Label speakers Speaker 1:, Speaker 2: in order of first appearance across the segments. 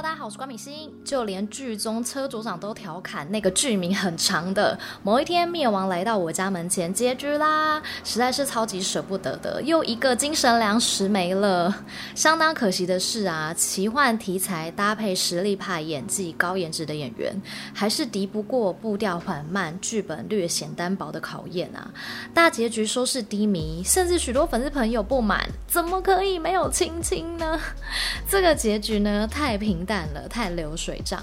Speaker 1: 大家好，我是官品心。就連劇中車組長都調侃那個劇名很長的某一天滅亡來到我家門前結局啦，實在是超級捨不得的，又一個精神糧食沒了。相當可惜的是啊，奇幻題材搭配實力派演技、高顏值的演員，還是敵不過步調緩慢、劇本略顯單薄的考驗啊。大結局收視低迷，甚至許多粉絲朋友不滿，怎麼可以沒有親親呢？這個結局呢，太平。淡了，太流水賬。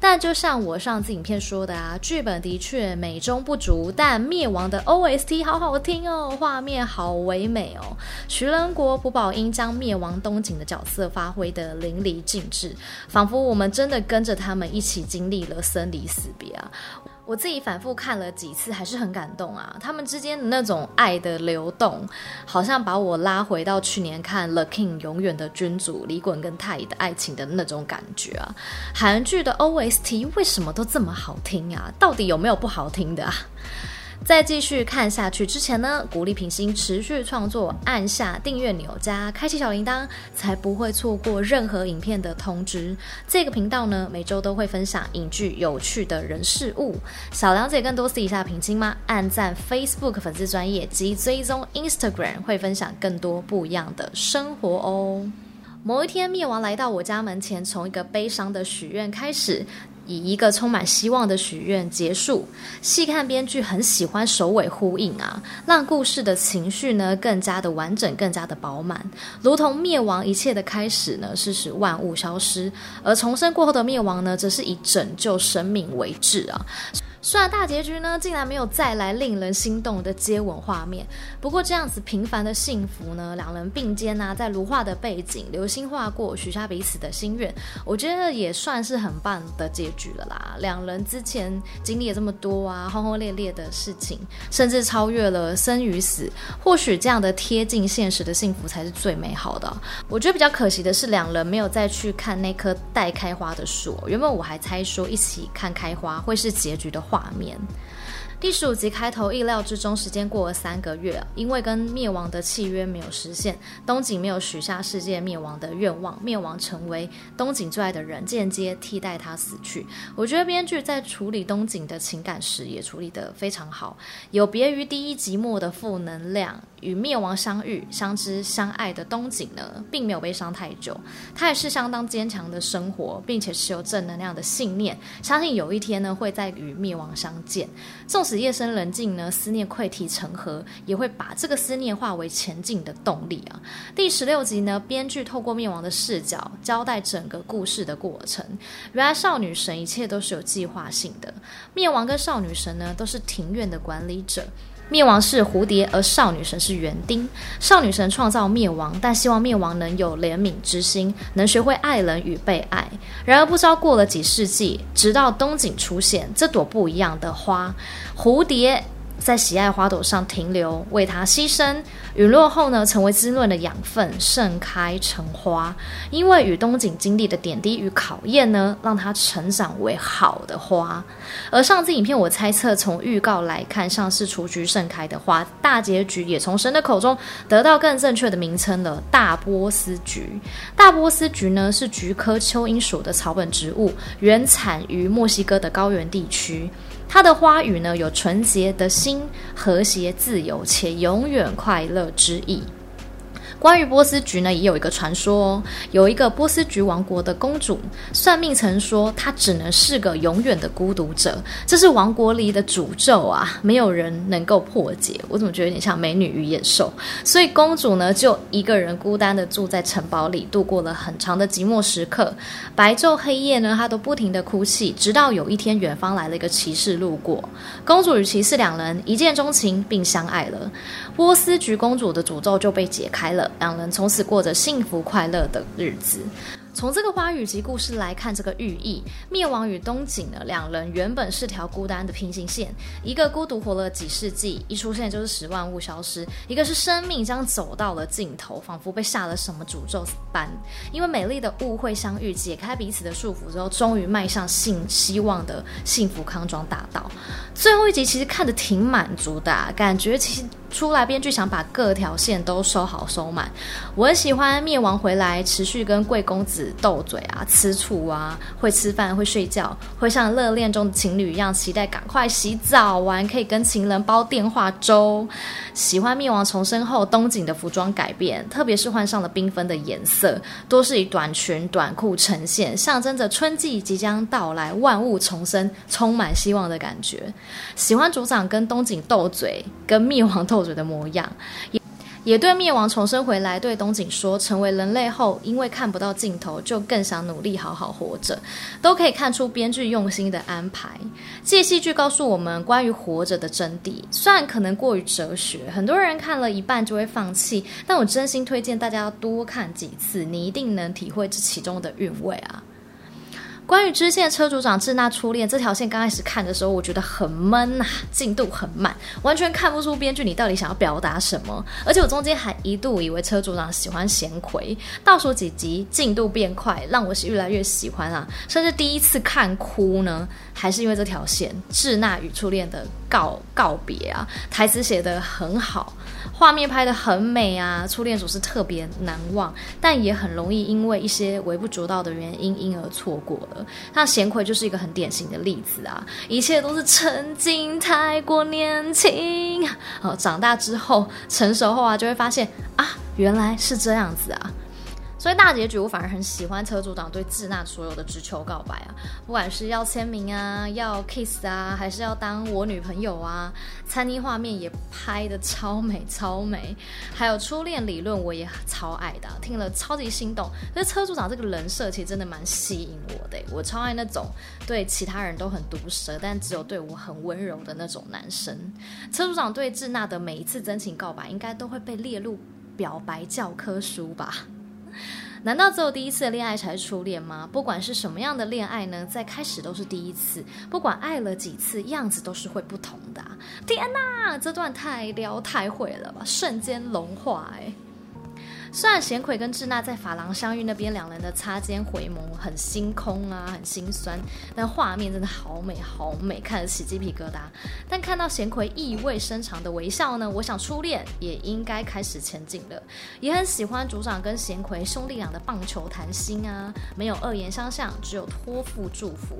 Speaker 1: 但就像我上次影片說的啊，劇本的確美中不足。但《滅亡》的 OST 好好聽哦，畫面好唯美哦。徐仁國、朴寶英將滅亡東景的角色發揮得淋漓盡致，仿佛我們真的跟着他們一起經歷了生離死別啊。我自己反復看了幾次，還是很感動啊！他們之間的那種愛的流動，好像把我拉回到去年看《The King》永遠的君主李袞跟太乙的愛情的那種感覺啊！韓劇的 OST 為什麼都這麼好聽啊？到底有沒有不好聽的啊？在繼續看下去之前呢，鼓勵品心持續創作，按下訂閱鈕加開啟小鈴鐺，才不會錯過任何影片的通知。這個頻道呢，每周都會分享影劇有趣的人事物，想了解更多私底下品心嗎？按讚 Facebook 粉絲專頁及追蹤 Instagram，會分享更多不一樣的生活哦。某一天，滅亡來到我家門前，從一個悲傷的許願開始。以一個充滿希望的許願結束。細看編劇很喜歡首尾呼應啊，讓故事的情緒呢更加的完整，更加的飽滿。如同滅亡一切的開始呢，是使萬物消失；而重生過後的滅亡呢，則是以拯救生命為志啊。雖然大結局呢，竟然沒有再來令人心動的接吻畫面，不過這樣子平凡的幸福呢，兩人並肩吶、啊，在如畫的背景，流星劃過，許下彼此的心願，我覺得也算是很棒的結局了啦。兩人之前經歷了這麼多啊，轟轟烈烈的事情，甚至超越了生與死，或許這樣的貼近現實的幸福才是最美好的、啊。我覺得比較可惜的是，兩人沒有再去看那棵待開花的樹。原本我還猜說一起看開花會是結局的話。畫面。第十五集開頭，意料之中，時間過了三個月，因為跟滅亡的契約沒有實現，東景沒有許下世界滅亡的願望，滅亡成為東景最愛的人，間接替代他死去。我覺得編劇在處理東景的情感時也處理得非常好，有別於第一集末的負能量，與滅亡相遇、相知、相愛的東景呢，並沒有悲傷太久，他也是相當堅強的生活，並且持有正能量的信念，相信有一天呢，會再與滅亡相見。即使夜深人靜呢，思念潰堤成河，也會把這個思念化為前進的動力啊。第十六集呢，編劇透過滅亡的視角交代整個故事的過程。原來少女神一切都是有計劃性的，滅亡跟少女神呢都是庭院的管理者。滅亡是蝴蝶，而少女神是園丁。少女神創造滅亡，但希望滅亡能有憐憫之心，能學會愛人與被愛。然而，不知道過了幾世紀，直到東景出現這朵不一樣的花，蝴蝶。在喜愛花朵上停留，為它犧牲，隕落後呢，成為滋潤的養分，盛開成花。因為與東景經歷的點滴與考驗呢，讓它成長為好的花。而上次影片我猜測，從預告來看，像是雛菊盛開的花，大結局也從神的口中得到更正確的名稱了——大波斯菊。大波斯菊呢，是菊科秋英屬的草本植物，原產於墨西哥的高原地區。它的花語呢，有純潔的心、和諧、自由且永遠快樂之意。關於波斯菊呢，也有一個傳說，哦，有一個波斯菊王國的公主，算命曾說她只能是個永遠的孤獨者，這是王國裡的詛咒啊，沒有人能夠破解。我怎麼覺得有點像《美女與野獸》？所以公主呢，就一個人孤單的住在城堡裡，度過了很長的寂寞時刻。白晝黑夜呢，她都不停的哭泣，直到有一天，遠方來了一個騎士路過，公主與騎士兩人一見鍾情並相愛了，波斯菊公主的詛咒就被解開了。兩人從此過着幸福快樂的日子。從這個花語及故事來看，這個寓意：滅亡與東景的兩人原本是條孤單的平行線，一個孤獨活了幾世紀，一出現就是使萬物消失；一個是生命將走到了盡頭，仿佛被下了什麼詛咒般。因為美麗的誤會相遇，解開彼此的束縛之後，終於邁向幸希望的幸福康莊大道。最後一集其實看得挺滿足的、啊、感覺，其實。出來，編劇想把各條線都收好收滿。我很喜歡滅亡回來持續跟貴公子鬥嘴啊，吃醋啊，會吃飯會睡覺，會像熱戀中的情侶一樣期待趕快洗澡完可以跟情人煲電話粥。喜歡滅亡重生後東景的服裝改變，特別是換上了繽紛的顏色，多是以短裙短褲呈現，象徵着春季即將到來，萬物重生，充滿希望的感覺。喜歡組長跟東景鬥嘴，跟滅亡後者的模樣，也也對滅亡重生回來。對東景說，成為人類後，因為看不到盡頭，就更想努力好好活着，都可以看出編劇用心的安排。這戲劇告訴我們關於活着的真諦，雖然可能過於哲學，很多人看了一半就會放棄，但我真心推薦大家要多看幾次，你一定能體會這其中的韻味啊。關於支線車組長志娜初戀這條線，剛開始看的時候，我覺得很悶吶、啊，進度很慢，完全看不出編劇你到底想要表達什麼。而且我中間還一度以為車組長喜歡賢奎，倒數幾集進度變快，讓我是越來越喜歡啊。甚至第一次看哭呢，還是因為這條線志娜與初戀的告告別啊，台詞寫得很好，畫面拍得很美啊，初戀總是特別難忘，但也很容易因為一些微不足道的原因因而錯過了。那賢奎就是一個很典型的例子啊，一切都是曾經太過年輕，好長大之後成熟後啊，就會發現啊，原來是這樣子啊。所以大結局我反而很喜歡車主長對智娜所有的直球告白啊，不管是要簽名啊、要 kiss 啊，還是要當我女朋友啊，餐廳畫面也拍得超美超美，還有初戀理論我也超愛的，聽了超級心動。可是車主長這個人設其實真的蠻吸引我的欸，我超愛那種對其他人都很毒舌，但只有對我很溫柔的那種男生。車主長對智娜的每一次真情告白，應該都會被列入表白教科書吧。難道只有第一次戀愛才是初戀嗎？不管是什麼樣的戀愛呢，在開始都是第一次，不管愛了幾次，樣子都是會不同的啊。天哪啊，這段太撩太會了吧，瞬間融化哎欸。雖然賢奎跟智娜在髮廊相遇那邊，兩人的擦肩回眸很星空啊，很心酸，但畫面真的好美好美，看得起雞皮疙瘩。但看到賢奎意味深長的微笑呢，我想初戀也應該開始前進了。也很喜歡組長跟賢奎兄弟倆的棒球談心啊，沒有惡言相向，只有托付祝福。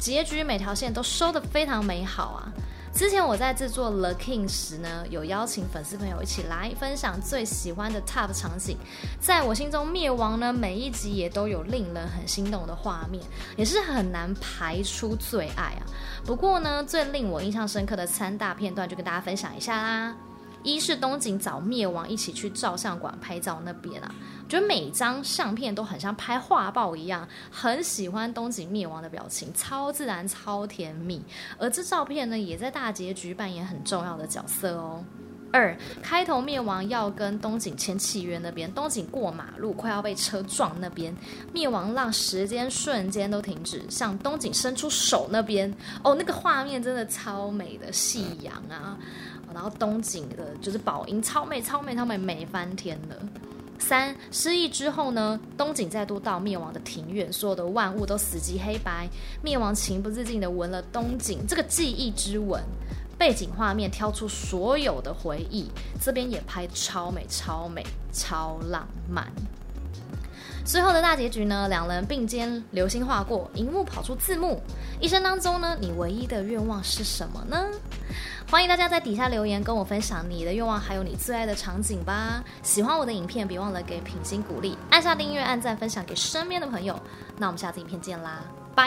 Speaker 1: 結局每條線都收得非常美好啊。之前我在製作《The King》時呢，有邀請粉絲朋友一起來分享最喜歡的 TOP 場景。在我心中，滅亡呢，每一集也都有令人很心動的畫面，也是很難排除最愛啊。不過呢，最令我印象深刻的三大片段，就跟大家分享一下啦。一是東景找滅亡一起去照相館拍照那邊啊，覺得每張相片都很像拍畫報一樣，很喜歡東景滅亡的表情，超自然、超甜蜜。而這照片呢，也在大結局扮演很重要的角色哦。二，開頭滅亡要跟東景簽契約那邊，東景過馬路快要被車撞那邊，滅亡讓時間瞬間都停止，向東景伸出手那邊，哦，那個畫面真的超美的夕陽啊。然後東景的就是寶英，超美超美，他們美翻天了三。三失憶之後呢，東景再度到滅亡的庭院，所有的萬物都死寂黑白，滅亡情不自禁的吻了東景這個記憶之吻。背景畫面挑出所有的回憶，這邊也拍超美超美超浪漫。最後的大結局呢，兩人並肩流星劃過，螢幕跑出字幕。一生當中呢，你唯一的願望是什麼呢？歡迎大家在底下留言跟我分享你的願望，還有你最愛的場景吧。喜歡我的影片，別忘了給品心鼓勵，按下訂閱、按讚、分享給身邊的朋友。那我們下次影片見啦，拜。